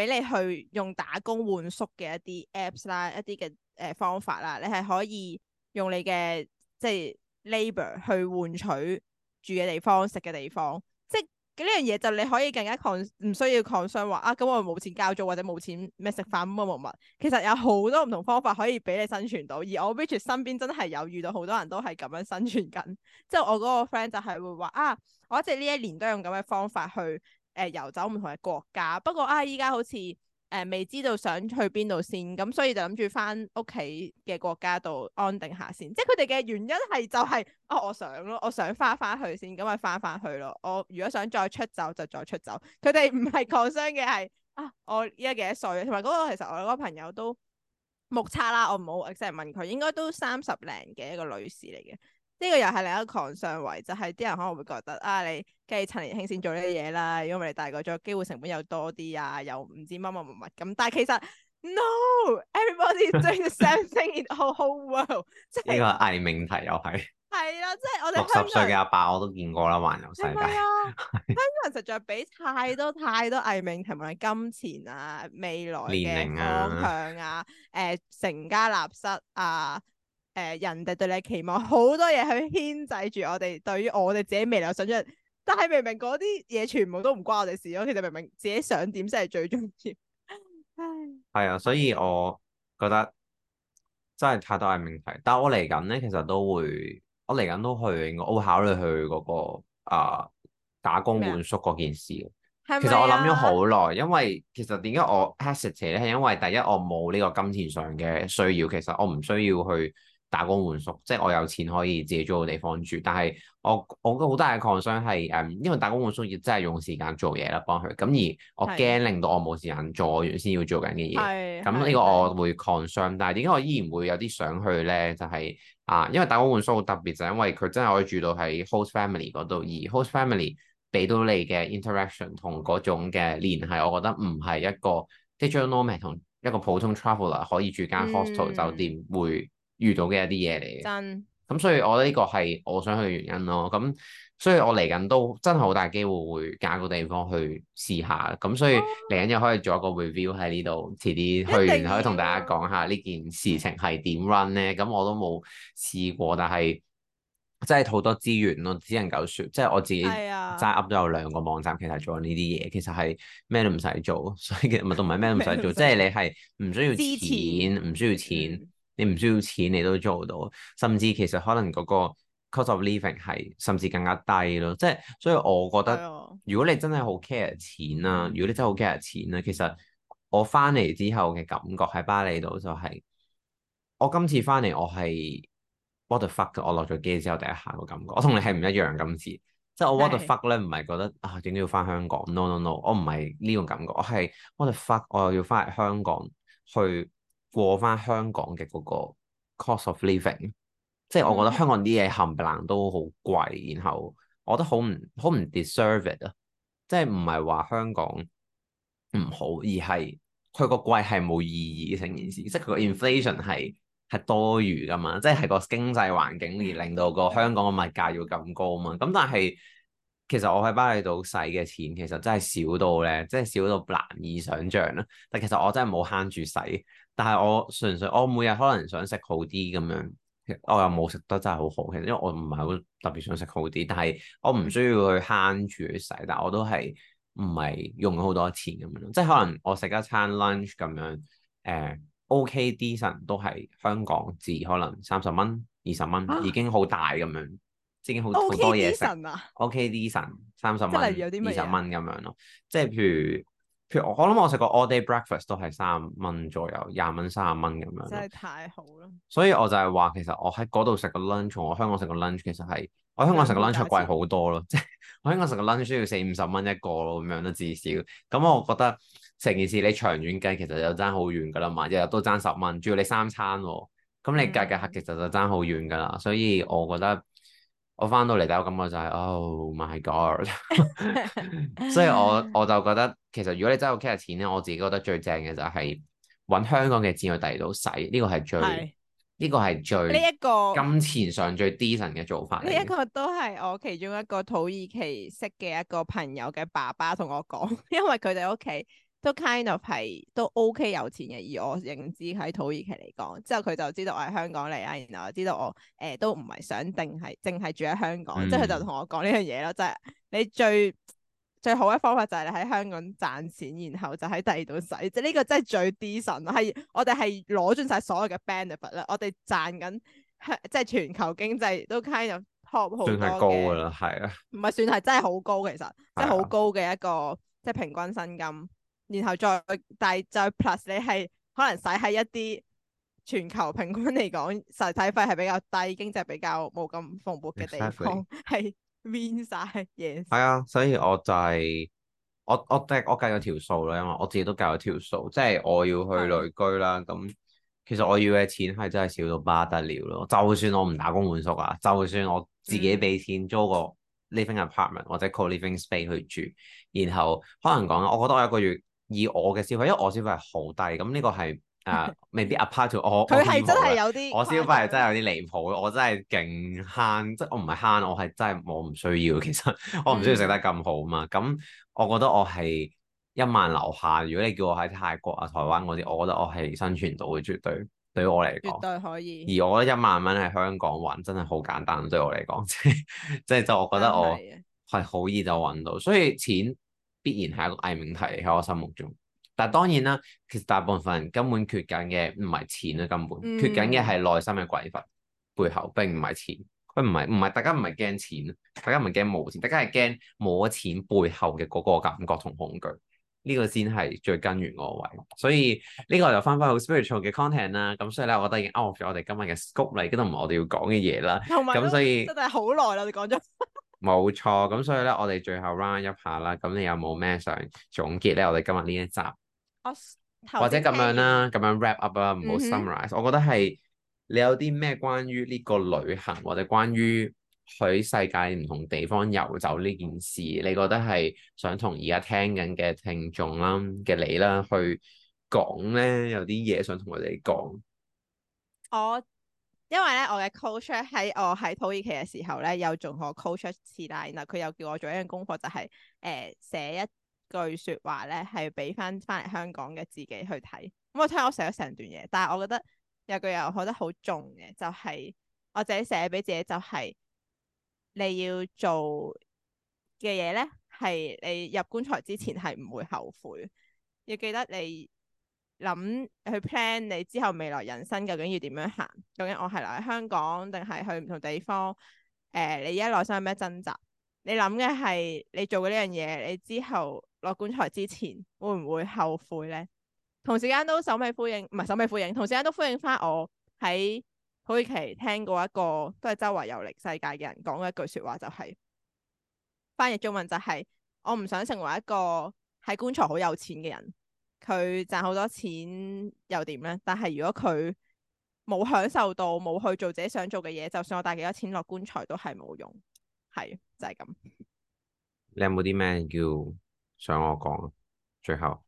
俾你去用打工換宿嘅一啲 apps 啦，一啲嘅誒方法啦，你係可以用你嘅即係 labor 去換取住嘅地方、食嘅地方，即係呢樣嘢就你可以更加 con，唔需要 concern 話啊。咁我冇錢交租或者冇錢咩食飯乜乜乜。其實有好多唔同方法可以俾你生存到，而我 which、er、身邊真係有遇到好多人都係咁樣生存緊。即係我嗰個 friend 就係會話啊，我一直呢一年都用咁嘅方法去。誒、遊、呃、走唔同嘅國家，不過啊，依家好似誒、呃、未知道想去邊度先，咁所以就諗住翻屋企嘅國家度安定下先。即係佢哋嘅原因係就係、是、啊，我想咯、啊，我想翻翻去先，咁咪翻翻去咯。我如果想再出走就再出走。佢哋唔係抗傷嘅係啊，我依家幾多歲？同埋嗰個其實我嗰個朋友都目測啦，我唔好即係問佢，應該都三十零嘅一個女士嚟嘅。呢個又係另一個上圍，就係、是、啲人可能會覺得啊，你即係趁年輕先做呢啲嘢啦，因為你大個咗機會成本又多啲啊，又唔知乜乜乜乜咁。但係其實 no，everybody doing the same thing in the whole world 即係呢個偽命題又係係啦，即係我哋香港六十歲嘅阿爸我都見過啦，環遊世界。香港人實在俾太多太多偽命題，無論金錢啊、未來嘅方向啊、誒成家立室啊。誒，人哋對你嘅期望好多嘢去牽制住我哋，對於我哋自己未來想出，但係明明嗰啲嘢全部都唔關我哋事咯。其實明明自己想點先係最重要。唉，係啊，所以我覺得真係太多硬命題。但係我嚟緊咧，其實都會，我嚟緊都去，我會考慮去嗰、嗰個啊、呃、打工換宿嗰件事。是是啊、其實我諗咗好耐，因為其實點解我 hesitate 咧，係因為第一我冇呢個金錢上嘅需要，其實我唔需要去。打工換宿，即係我有錢可以自己租個地方住。但係我我覺得好大嘅 concern 係誒，因為打工換宿要真係用時間做嘢啦，幫佢。咁而我驚令到我冇時間做我原先要做緊嘅嘢。咁呢個我會 concern，但係點解我依然會有啲想去呢？就係、是、啊，因為打工換宿好特別，就是、因為佢真係可以住到喺 host family 嗰度，而 host family 俾到你嘅 interaction 同嗰種嘅聯繫，我覺得唔係一個即係 digital nomad 同一個普通 traveler 可以住間 hostel 酒店會、嗯。遇到嘅一啲嘢嚟嘅，真的。咁所以我覺得呢個係我想去嘅原因咯。咁所以我嚟緊都真係好大機會會揀個地方去試下。咁所以嚟緊又可以做一個 review 喺呢度，遲啲去完可以同大家講下呢件事情係點 run 咧。咁我都冇試過，但係真係好多資源咯，只能夠説，即係我自己齋 up 都有兩個網站其，其實做緊呢啲嘢其實係咩都唔使做，所以其實唔係都唔係咩都唔使做，即係 你係唔需要錢，唔資田 需要錢。嗯，你唔需要錢，你都做到，甚至其實可能嗰個 cost of living 係甚至更加低咯。即係所以，我覺得如果你真係好 care 錢啦、啊，如果你真係好 care 錢啦、啊，其實我翻嚟之後嘅感覺喺巴厘島就係、是、我今次翻嚟我係 what the fuck！我落咗機之後第一下個感覺，我同你係唔一樣今次。即係我 what the fuck 咧，唔係覺得啊，點解要翻香港？No no no！我唔係呢種感覺，我係 what the fuck！我又要翻嚟香港去。過翻香港嘅嗰個 cost of living，即係我覺得香港啲嘢冚唪唥都好貴，然後我覺得好唔好唔 deserve it 啊！即係唔係話香港唔好，而係佢個貴係冇意義成件事，即係佢個 inflation 係係多餘噶嘛，即係係個經濟環境而令到個香港嘅物價要咁高嘛。咁但係其實我喺峇里島使嘅錢其實真係少到咧，即係少到難以想象啦。但其實我真係冇慳住使。但係我純粹我每日可能想食好啲咁樣，我又冇食得真係好好嘅，因為我唔係好特別想食好啲。但係我唔需要去慳住去使，但係我都係唔係用咗好多錢咁樣。即係可能我食一餐 lunch 咁樣，誒、呃、OK decent 都係香港至可能三十蚊、二十蚊已經好大咁樣，已經好、啊、多嘢食、啊、OK decent 三十蚊、二十蚊咁樣咯，即係譬如。譬如我，我諗我食個 all day breakfast 都係三十蚊左右，廿蚊、三十蚊咁樣。真係太好啦！所以我就係話，其實我喺嗰度食個 lunch，同我香港食個 lunch 其實係我， 我香港食個 lunch 係貴好多咯。即係我香港食個 lunch 需要四五十蚊一個咯，咁樣都至少。咁我覺得成件事你長遠計，其實就爭好遠噶啦嘛。日日都爭十蚊，仲要你三餐喎。咁你價格其實就爭好遠噶啦。嗯、所以我覺得。我翻到嚟，第一感覺就係 Oh my god！ 所以我，我我就覺得其實如果你真係要傾下錢咧，我自己覺得最正嘅就係、是、揾香港嘅錢去嚟到使，呢、這個係最呢是個係最呢一、這個金錢上最 decent 嘅做法。呢一個都係我其中一個土耳其識嘅一個朋友嘅爸爸同我講，因為佢哋屋企，都 kind of 係都 OK 有錢嘅，以我認知喺土耳其嚟講，之後佢就知道我喺香港嚟啦。然後知道我誒、呃、都唔係想定係淨係住喺香港，嗯、即係佢就同我講呢樣嘢咯，即係你最最好嘅方法就係你喺香港賺錢，然後就喺第二度使，即呢、這個真係最 decent 咯。係我哋係攞盡晒所有嘅 benefit 啦，我哋賺緊即係全球經濟都 kind of top 好多嘅，算係高㗎啦，係啊，唔係算係真係好高，其實的即係好高嘅一個即係平均薪金。然後再大再 plus，你係可能使喺一啲全球平均嚟講實體費係比較低、經濟比較冇咁蓬勃嘅地方，係 win 晒嘢。係啊，所以我就係、係、我我，我，我計我計咗條數啦，因為我自己都計咗條數，即係我要去旅居啦。咁 Yeah. 其實我要嘅錢係真係少到不得了咯。就算我唔打工換宿啊，就算我自己俾錢租個 living apartment、mm hmm. 或者 co-living space 去住，然後可能講，我覺得我一個月。以我嘅消費，因為我消費係好低，咁呢個係啊，未、uh, 必 apart to 我。佢係真係有啲，我消費係真係有啲離譜。 我真係勁慳，即、就、係、是、我唔係慳，我係真係我唔需要。其實我唔需要食得咁好嘛。咁、嗯、我覺得我係一萬樓下。如果你叫我喺泰國啊、台灣嗰啲，我覺得我係生存到嘅，絕對對於我嚟講。絕對可以。而我覺得一萬蚊喺香港揾真係好簡單，對我嚟講，即係就是就是、我覺得我係好易就揾到，所以錢，必然係一個偽命題喺我心目中，但係當然啦，其實大部分人根本缺緊嘅唔係錢啦，根本缺緊嘅係內心嘅匱乏背後並唔係錢，佢唔係唔係大家唔係驚錢，大家唔係驚冇錢，大家係驚冇咗錢背後嘅嗰個感覺同恐懼，呢、這個先係最根源嗰個位。所以呢、這個就翻返去 spiritual 嘅 content 啦。咁所以咧，我覺得已經 out 咗我哋今日嘅 scope 嚟，都唔係我哋要講嘅嘢啦。咁有所以真係好耐啦，你講咗。 冇錯，咁所以咧，我哋最後 wrap 一,一下啦。咁你有冇咩想總結咧？我哋今日呢一集，或者咁樣啦，咁樣 wrap up 啦、嗯哼，唔好 summarize。我覺得係你有啲咩關於呢個旅行或者關於喺世界唔同地方遊走呢件事，你覺得係想同而家聽緊嘅聽眾啦嘅你啦去講咧，有啲嘢想同佢哋講。我。因為咧，我嘅 coach 喺我喺土耳其嘅時候咧，又仲學 coach 一次啦。然後佢又叫我做一樣功課，就係誒寫一句説話咧，係俾翻翻嚟香港嘅自己去睇。咁、嗯、我聽我寫咗成段嘢，但係我覺得有句又學得好重嘅，就係、係、我自己寫俾自己、就係，就係你要做嘅嘢咧，係你入棺材之前係唔會後悔，要記得你。諗去 plan 你之後未來人生究竟要點樣行？究竟我係留喺香港定係去唔同地方？誒、呃，你而家內心有咩掙扎？你諗嘅係你做嘅呢樣嘢，你之後落棺材之前會唔會後悔咧？同時間都首尾呼應，唔係首尾呼應，同時間都呼應翻我喺土耳其聽過一個都係周圍遊歷世界嘅人講嘅一句說話、就是，譯就係翻譯中文就係我唔想成為一個喺棺材好有錢嘅人。佢賺好多錢又點咧？但係如果佢冇享受到，冇去做自己想做嘅嘢，就算我帶幾多錢落棺材都係冇用。係，就係咁。你有冇啲咩叫想我講啊？最後，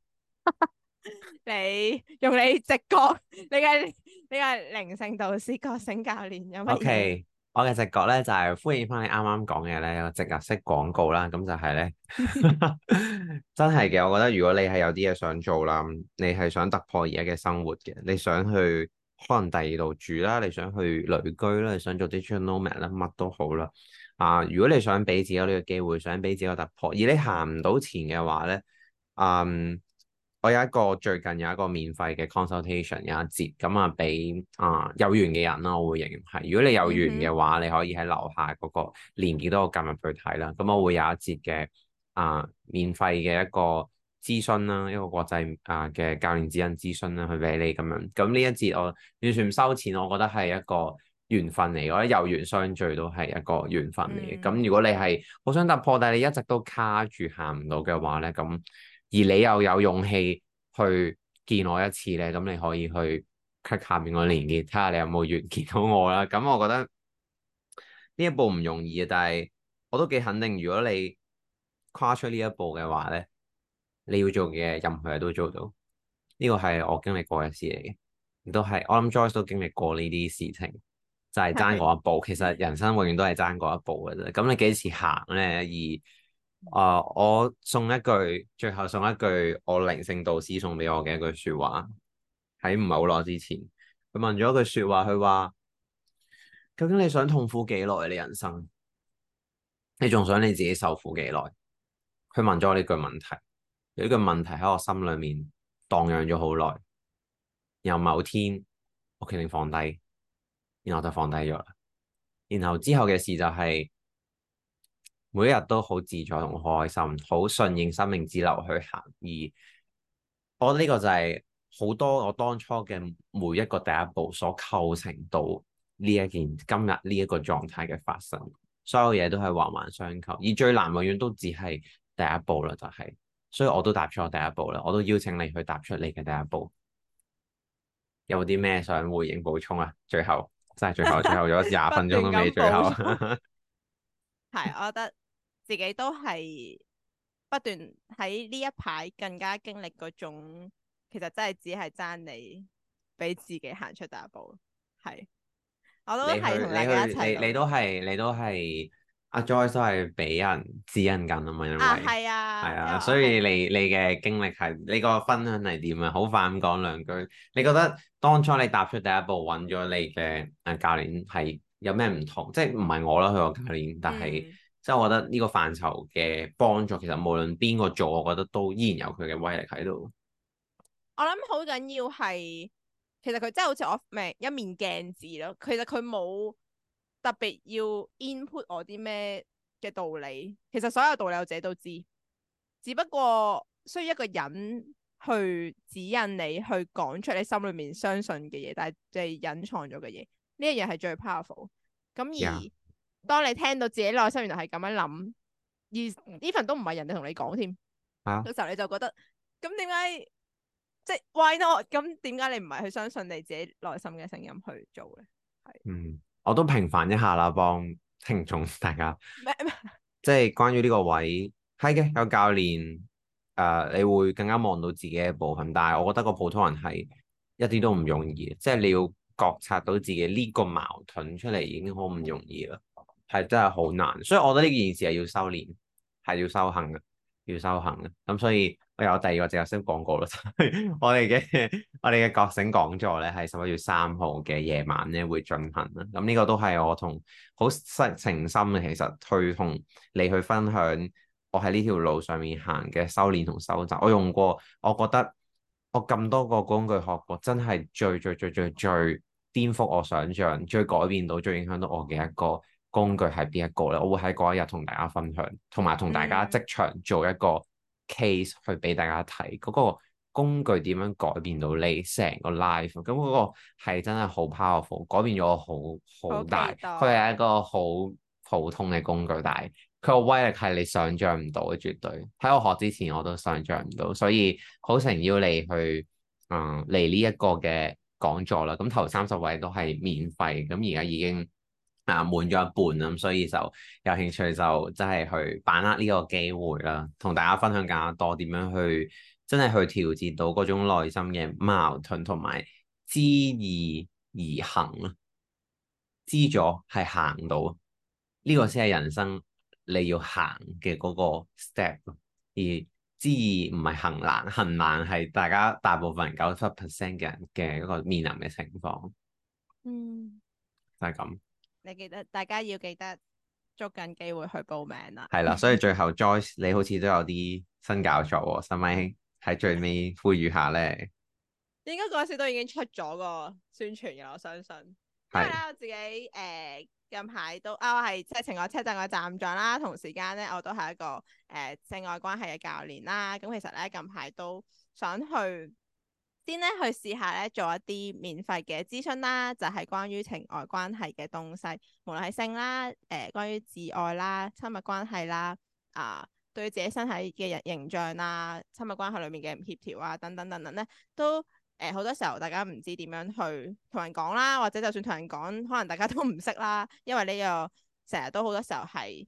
你用你直覺，你嘅你嘅靈性導師、覺醒教練有乜嘢？Okay. 我嘅直覺咧就係、是、歡迎翻你啱啱講嘅咧個植入式廣告啦，咁就係咧 真係嘅。我覺得如果你係有啲嘢想做啦，你係想突破而家嘅生活嘅，你想去可能第二度住啦，你想去旅居啦，你想做 digital nomad 啦，乜都好啦。啊、呃，如果你想俾自己呢個機會，想俾自己個突破，而你行唔到前嘅話咧，嗯。我有一個最近有一個免費嘅 consultation 有一節咁啊，俾、嗯、啊、嗯、有緣嘅人啦，我會形容係。如果你有緣嘅話，你可以喺樓下嗰個年紀度我撳入去睇啦。咁、嗯嗯、我會有一節嘅啊、呃、免費嘅一個諮詢啦，一個國際啊嘅、呃、教練指引諮詢啦，去俾你咁樣。咁、嗯、呢、嗯、一節我完全唔收錢，我覺得係一個緣分嚟。我覺得有緣相聚都係一個緣分嚟。咁、嗯、如果你係好想突破，但係你一直都卡住行唔到嘅話咧，咁。而你又有勇氣去見我一次咧，咁你可以去 cut 下面個連結，睇下你有冇緣見到我啦。咁我覺得呢一步唔容易啊，但係我都幾肯定，如果你跨出呢一步嘅話咧，你要做嘅任何嘢都做到。呢個係我經歷過一次嚟嘅，都係我諗 Joyce 都經歷過呢啲事情，就係爭嗰一步。的其實人生永遠都係爭嗰一步嘅啫。咁你幾時行咧？而啊！Uh, 我送一句，最後送一句，我靈性導師送俾我嘅一句說話，喺唔係好耐之前，佢問咗一句說話，佢話：究竟你想痛苦幾耐？你人生，你仲想你自己受苦幾耐？佢問咗我呢句問題，呢句問題喺我心裏面蕩漾咗好耐，然後某天我決定放低，然後就放低咗啦，然後之後嘅事就係、是。每一日都好自在同開心，好順應生命之流去行。而我呢個就係好多我當初嘅每一個第一步所構成到呢一件今日呢一個狀態嘅發生，所有嘢都係環環相扣。而最難永遠都只係第一步啦，就係、是，所以我都踏出我第一步啦。我都邀請你去踏出你嘅第一步。有冇啲咩想回應補充啊？最後，真係最後，最後咗廿分鐘都未，最後，最後。係， 我覺得。自己都係不斷喺呢一排更加經歷嗰種，其實真係只係爭你俾自己行出第一步。係，我都係同你一齊。你都係你都係阿 Joyce 都係俾人指引緊咁樣嘛，因為係啊，係啊，所以你你嘅經歷係你個分享係點啊？好快咁講兩句。你覺得當初你踏出第一步揾咗你嘅誒教練係有咩唔同？即係唔係我啦，佢個教練，但係、嗯。即係我覺得呢個範疇嘅幫助，其實無論邊個做，我覺得都依然有佢嘅威力喺度。我諗好緊要係，其實佢真係好似我，唔係一面鏡子咯。其實佢冇特別要 input 我啲咩嘅道理。其實所有道理我自己都知，只不過需要一個人去指引你去講出你心裏面相信嘅嘢，但係就係隱藏咗嘅嘢。呢一嘢係最 powerful。咁而、yeah. 當你聽到自己內心原來係咁樣諗，而呢份都唔係人哋同你講添，到、啊、時候你就覺得咁點解即係 why not？咁點解你唔係去相信你自己內心嘅聲音去做咧？係，嗯，我都平反一下啦，幫聽眾大家，即係麼 關於呢個位係嘅有教練，誒、呃、你會更加望到自己嘅部分，但係我覺得個普通人係一啲都唔容易，即、就、係、是、你要覺察到自己呢個矛盾出嚟已經好唔容易啦。嗯係真係好難，所以我覺得呢件事係要修煉，係要修行嘅，要修行嘅。咁所以我有第二個靜心講座咯，我哋嘅我哋嘅覺醒講座咧，係十一月三號嘅夜晚咧會進行啦。咁呢個都係我同好深情深嘅，其實去同你去分享我喺呢條路上面行嘅修煉同修習。我用過，我覺得我咁多個工具學過，真係最最最最最顛覆我想象，最改變到最影響到我嘅一個。工具係邊一個咧？我會喺嗰一日同大家分享，同埋同大家即場做一個 case、嗯、去俾大家睇嗰、嗰個工具點樣改變到你成個 life。咁嗰個係真係好 powerful，改變咗我好好大。佢係 Okay. 一個好普通嘅工具，但係佢個威力係你想象唔到嘅。絕對喺我學之前我都想象唔到，所以好誠邀你去啊嚟呢一個嘅講座啦。咁頭三十位都係免費，咁而家已經。啊，滿咗一半咁，所以就有興趣就真係去把握呢個機會啦，同大家分享更加多點樣去真係去調節到嗰種內心嘅矛盾，同埋知易而行啦。知咗係行到，呢個先係人生你要行嘅嗰個 step。而知易唔係行難，行難係大家大部分九十 percent 嘅人嘅一個面臨嘅情況。嗯，就係咁。你記得大家要記得捉緊機會去報名啦。係啦，所以最後 Joyce 你好似都有啲新搞作，係咪喺最尾呼籲下咧？應該嗰時都已經出咗個宣傳嘅，我相信。係啦，我自己誒、呃、近排都啊係即係停我情車站嘅站長啦，同時間咧我都係一個誒、呃、性愛關係嘅教練啦。咁其實咧近排都想去。先咧去試下咧做一啲免費嘅諮詢啦，就係關於情愛關係嘅東西，無論係性啦，誒、呃，關於自愛啦、親密關係啦，啊、呃，對自己身體嘅形象啦、親密關係裏面嘅唔協調啊，等等等等咧，都誒好多時候大家唔知點樣去同人講啦，或者就算同人講，可能大家都唔識啦，因為呢個成日都好多時候係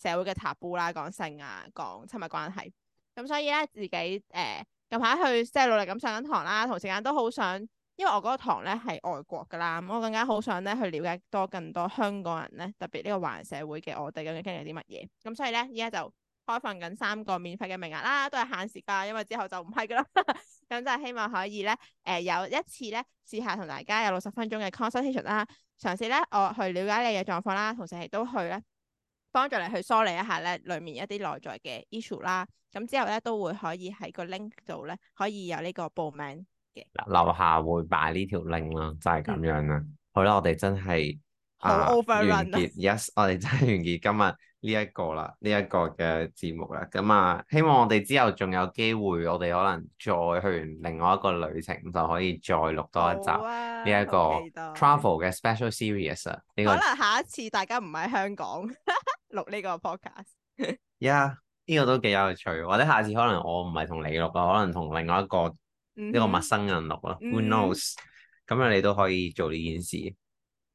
社會嘅 taboo 啦，講性啊，講親密關係，咁所以咧自己誒。呃近排去即係努力咁上緊堂啦，同時間都好想，因為我嗰個堂咧係外國噶啦，咁我更加好想咧去了解多更多香港人咧，特別呢個華人社會嘅我哋究竟經歷啲乜嘢。咁所以咧依家就開放緊三個免費嘅名額啦，都係限時噶，因為之後就唔係噶啦。咁、 嗯、就希望可以咧誒、呃、有一次咧試下同大家有六十分鐘嘅 consultation 啦，嘗試咧我去了解你嘅狀況啦，同時亦都去咧。幫助你去梳理一下咧，裡面一啲內在嘅 issue 啦。咁、嗯、之後咧都會可以喺個 link 度咧可以有呢個報名嘅。樓下會擺呢條 link 啦，就係、是、咁樣啦。好、嗯、啦，我哋真係啊，over 完結 yes，我哋真係完結今日呢一個啦，呢、這、一個嘅節目啦。咁啊，希望我哋之後仲有機會，我哋可能再去完另外一個旅程，就可以再錄多一集呢一、哦啊、個 travel 嘅 special series 啊。呢、嗯這個可能下一次大家唔喺香港。 錄呢個 podcast，呀，呢、 yeah, 個都幾有趣。或者下次可能我唔係同你錄啊，可能同另外一個呢、mm hmm. 個陌生人錄咯。Mm hmm. Who knows？咁、mm hmm. 樣你都可以做呢件事。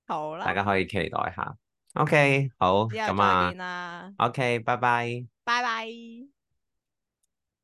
好啦了，大家可以期待下。OK，好，咁啊。OK，拜拜。拜拜。